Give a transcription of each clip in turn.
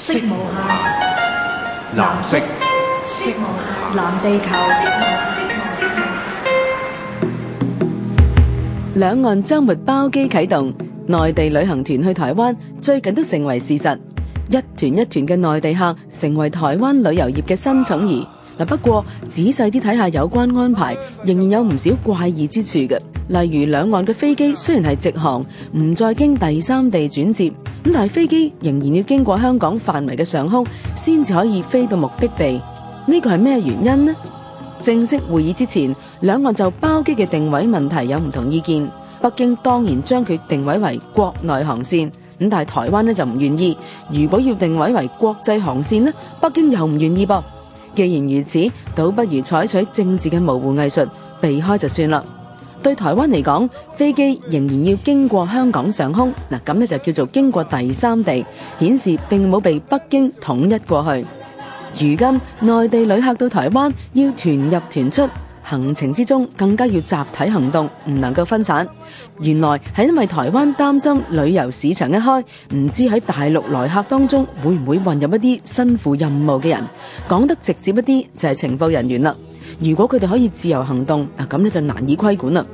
色無暇，藍色，色無藍地球。地球兩岸周末包機啟動，內地旅行團去台灣最近都成為事實。一團一團嘅內地客成為台灣旅遊業嘅新寵兒。嗱，不過仔細啲睇下有關安排，仍然有唔少怪異之處嘅。例如，兩岸嘅飛機雖然係直航，唔再經第三地轉接。咁但係飛機仍然要經過香港範圍嘅上空，先至可以飛到目的地。呢個係咩原因呢？正式會議之前，兩岸就包機嘅定位問題有唔同意見。北京當然將佢定位為國內航線，咁但係台灣呢就唔願意。如果要定位為國際航線呢，北京又唔願意噃。既然如此，倒不如採取政治嘅模糊藝術，避開就算啦。對台灣嚟講，飛機仍然要經過香港上空，嗱咁呢就叫做經過第三地，顯示並冇被北京統一過去。如今內地旅客到台灣要團入團出，行程之中更加要集體行動，唔能夠分散。原來係因為台灣擔心旅遊市場一開，唔知喺大陸來客當中會唔會混入一啲身負任務嘅人，講得直接一啲就係情報人員啦。如果佢哋可以自由行動，嗱咁呢就難以規管啦。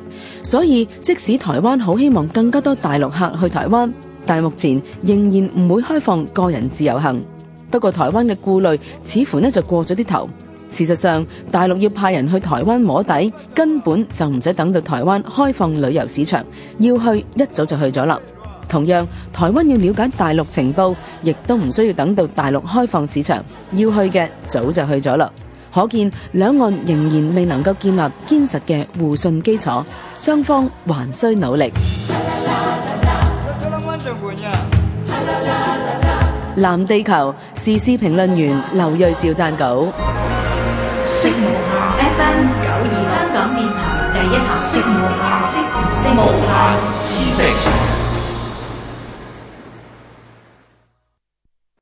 所以，即使台灣好希望更加多大陸客去台灣，但目前仍然唔會開放個人自由行。不過，台灣嘅顧慮似乎呢就過咗啲頭。事實上，大陸要派人去台灣摸底，根本就唔使等到台灣開放旅遊市場，要去一早就去咗啦。同樣，台灣要了解大陸情報，亦都唔需要等到大陸開放市場，要去嘅早就去咗啦。 可見兩岸仍然未能夠建立堅實嘅互信基礎，雙方還需努力。啊、藍地球時事評論員劉銳紹撰稿。